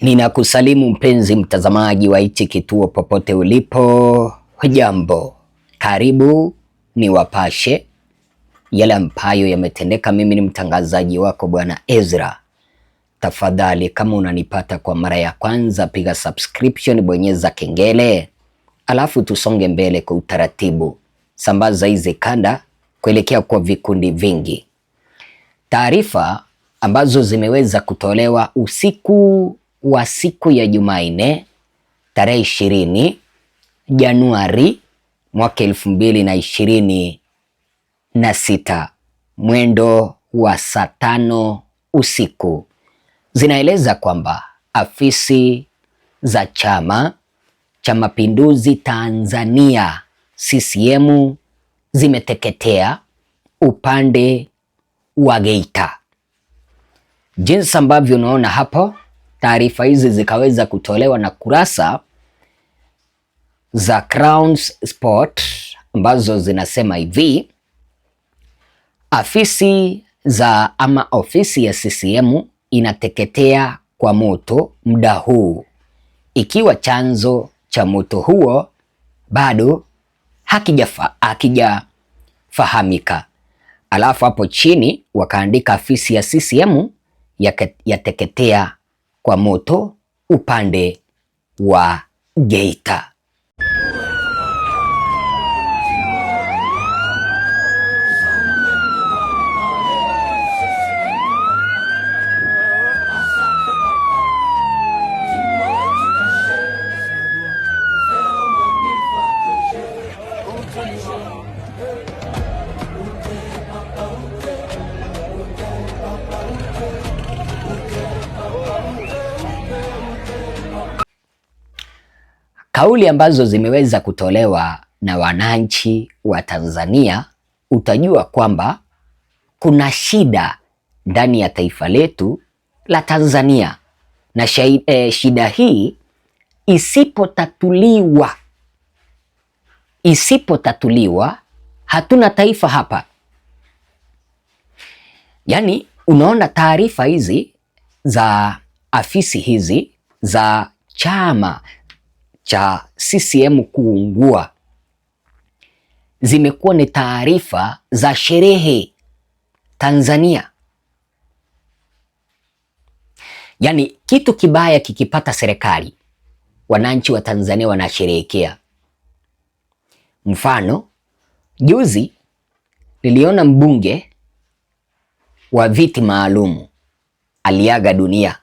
Ninakusalimu mpenzi mtazamaji wa hichi kituo popote ulipo, hujambo, karibu ni wapashe yale ambayo yametendeka. Mimi ni mtangazaji wako bwana Ezra. Tafadhali, kama unanipata kwa mara ya kwanza, piga subscription, bonyeza kengele, alafu tusonge mbele kwa utaratibu. Sambaza hizi kanda kuelekea kwa vikundi vingi. Taarifa ambazo zimeweza kutolewa usiku wa siku ya Jumanne tarehe ishirini Januari mwaka elfu mbili na ishirini na sita mwendo wa saa tano usiku zinaeleza kwamba afisi za Chama cha Mapinduzi Tanzania CCM zimeteketea upande wa Geita, jinsi ambavyo unaona hapo taarifa hizi zikaweza kutolewa na kurasa za Crown Sport ambazo zinasema hivi: afisi za ama ofisi ya CCM inateketea kwa moto muda huu, ikiwa chanzo cha moto huo bado hakijafahamika. Alafu hapo chini wakaandika afisi ya CCM yateketea kwa moto upande wa Geita. kauli ambazo zimeweza kutolewa na wananchi wa Tanzania, utajua kwamba kuna shida ndani ya taifa letu la Tanzania na eh, shida hii isipotatuliwa isipotatuliwa hatuna taifa hapa. Yaani, unaona taarifa hizi za afisi hizi za chama cha CCM kuungua zimekuwa ni taarifa za sherehe Tanzania. Yaani kitu kibaya kikipata serikali, wananchi wa Tanzania wanasherehekea. Mfano, juzi niliona mbunge wa viti maalumu aliaga dunia,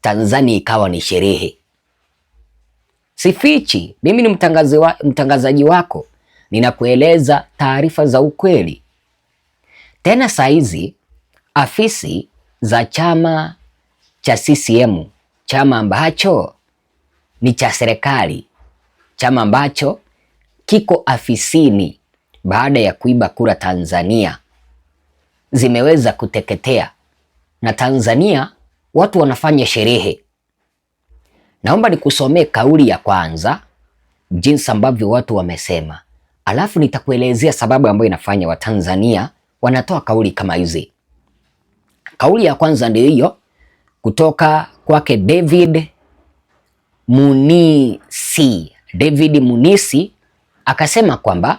Tanzania ikawa ni sherehe. Sifichi, mimi ni mtangazi wa, mtangazaji wako, ninakueleza taarifa za ukweli. Tena saizi afisi za chama cha CCM, chama ambacho ni cha serikali, chama ambacho kiko afisini baada ya kuiba kura Tanzania, zimeweza kuteketea na Tanzania watu wanafanya sherehe Naomba nikusomee kauli ya kwanza jinsi ambavyo watu wamesema, alafu nitakuelezea sababu ambayo inafanya Watanzania wanatoa kauli kama hizi. Kauli ya kwanza ndio hiyo kutoka kwake David Munisi. David Munisi akasema kwamba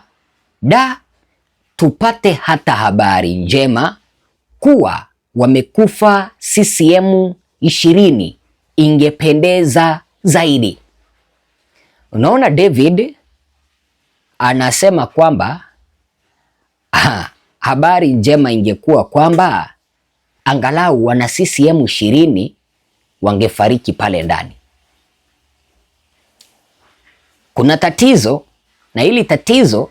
da, tupate hata habari njema kuwa wamekufa CCM ishirini ingependeza zaidi. Unaona, David anasema kwamba ha, ah, habari njema ingekuwa kwamba angalau wana CCM ishirini wangefariki pale ndani. Kuna tatizo na hili tatizo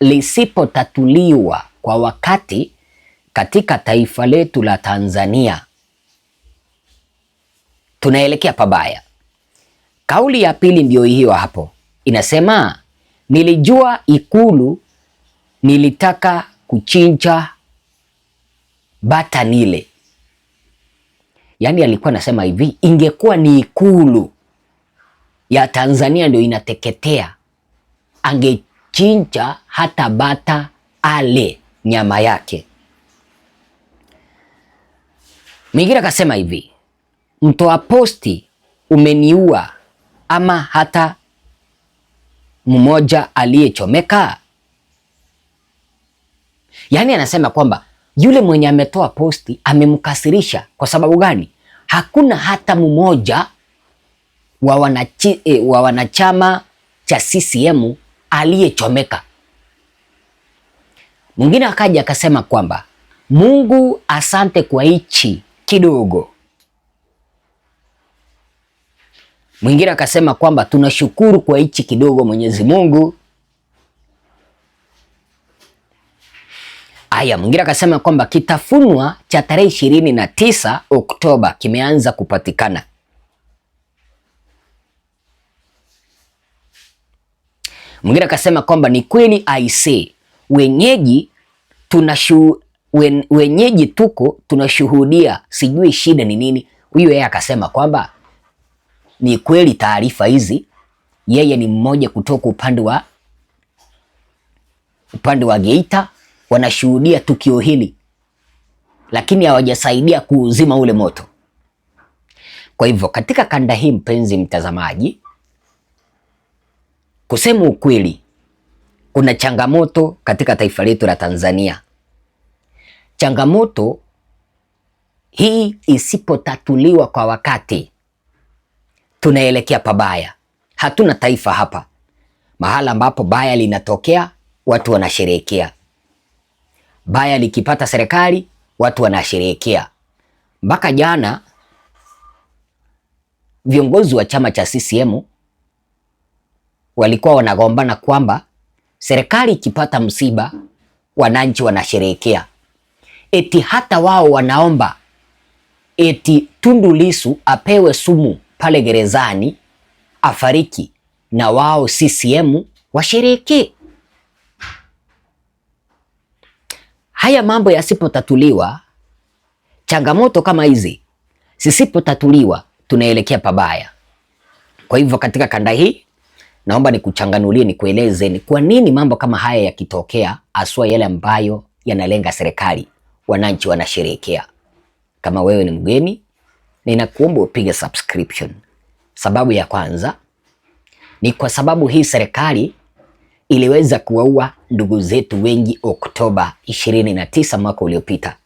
lisipotatuliwa kwa wakati katika taifa letu la Tanzania tunaelekea pabaya. Kauli ya pili ndiyo hiyo hapo, inasema nilijua Ikulu nilitaka kuchinja bata nile. Yaani alikuwa anasema hivi, ingekuwa ni Ikulu ya Tanzania ndio inateketea, angechinja hata bata ale nyama yake. Mwingine akasema hivi mtoa posti umeniua ama hata mmoja aliyechomeka? Yaani anasema kwamba yule mwenye ametoa posti amemkasirisha. Kwa sababu gani? Hakuna hata mmoja wa wanachi, e, wa wanachama cha CCM aliyechomeka. Mwingine akaja akasema kwamba Mungu asante kwa hichi kidogo Mwingine akasema kwamba tunashukuru kwa hichi kidogo Mwenyezi Mungu. Aya, mwingine akasema kwamba kitafunwa cha tarehe ishirini na tisa Oktoba kimeanza kupatikana. Mwingine akasema kwamba ni kweli IC wenyeji tunashu, wen, wenyeji tuko tunashuhudia, sijui shida ni nini. Huyu yeye akasema kwamba ni kweli taarifa hizi, yeye ni mmoja kutoka upande wa upande wa Geita, wanashuhudia tukio hili, lakini hawajasaidia kuuzima ule moto. Kwa hivyo katika kanda hii, mpenzi mtazamaji, kusema ukweli, kuna changamoto katika taifa letu la Tanzania. Changamoto hii isipotatuliwa kwa wakati tunaelekea pabaya. Hatuna taifa hapa. Mahala ambapo baya linatokea, watu wanasherehekea. Baya likipata serikali, watu wanasherehekea. Mpaka jana viongozi wa chama cha CCM walikuwa wanagombana kwamba serikali ikipata msiba wananchi wanasherehekea, eti hata wao wanaomba eti Tundu Lissu apewe sumu pale gerezani afariki na wao CCM washerehekee. Haya mambo yasipotatuliwa, changamoto kama hizi zisipotatuliwa, tunaelekea pabaya. Kwa hivyo katika kanda hii naomba nikuchanganulie, nikueleze ni kwa nini mambo kama haya yakitokea, aswa yale ambayo yanalenga serikali, wananchi wanasherekea Kama wewe ni mgeni ninakuomba upige subscription. Sababu ya kwanza ni kwa sababu hii serikali iliweza kuwaua ndugu zetu wengi Oktoba 29 mwaka uliopita,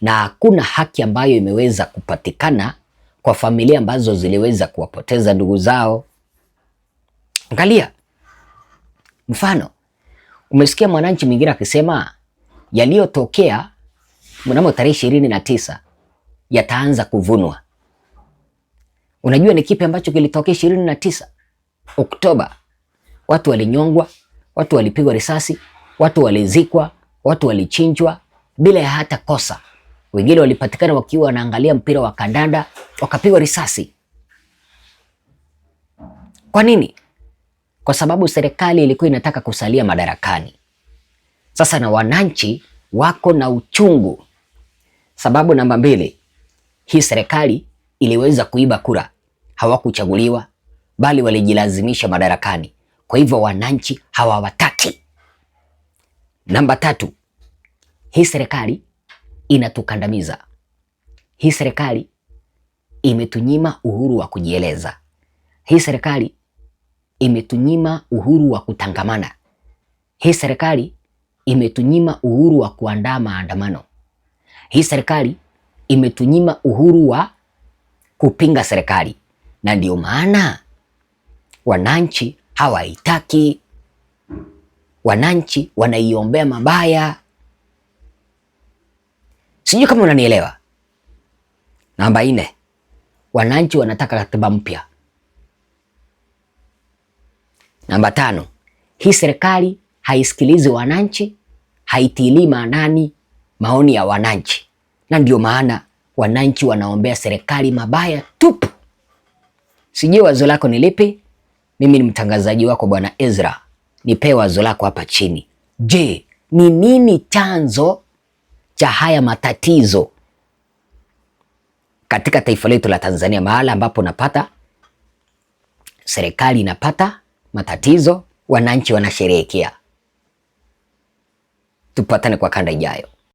na hakuna haki ambayo imeweza kupatikana kwa familia ambazo ziliweza kuwapoteza ndugu zao. Angalia mfano, umesikia mwananchi mwingine akisema yaliyotokea mnamo tarehe ishirini na tisa yataanza kuvunwa. Unajua ni kipi ambacho kilitokea ishirini na tisa Oktoba? Watu walinyongwa, watu walipigwa risasi, watu walizikwa, watu walichinjwa bila ya hata kosa. Wengine walipatikana wakiwa wanaangalia mpira wa kandanda wakapigwa risasi. Kwa nini? Kwa sababu serikali ilikuwa inataka kusalia madarakani. Sasa na wananchi wako na uchungu. Sababu namba mbili, hii serikali iliweza kuiba kura, hawakuchaguliwa bali walijilazimisha madarakani. Kwa hivyo wananchi hawawataki. Namba tatu, hii serikali inatukandamiza. Hii serikali imetunyima uhuru wa kujieleza. Hii serikali imetunyima uhuru wa kutangamana. Hii serikali imetunyima uhuru wa kuandaa maandamano. Hii serikali imetunyima uhuru wa kupinga serikali, na ndio maana wananchi hawaitaki, wananchi wanaiombea mabaya. Sijui kama unanielewa. Namba nne, wananchi wanataka katiba mpya. Namba tano, hii serikali haisikilizi wananchi, haitilii maanani maoni ya wananchi na ndio maana wananchi wanaombea serikali mabaya tupu. Sijui wazo lako ni lipi? Mimi ni mtangazaji wako Bwana Ezra, nipewe wazo lako hapa chini. Je, ni nini chanzo cha haya matatizo katika taifa letu la Tanzania, mahala ambapo napata serikali inapata matatizo, wananchi wanasherehekea. Tupatane kwa kanda ijayo.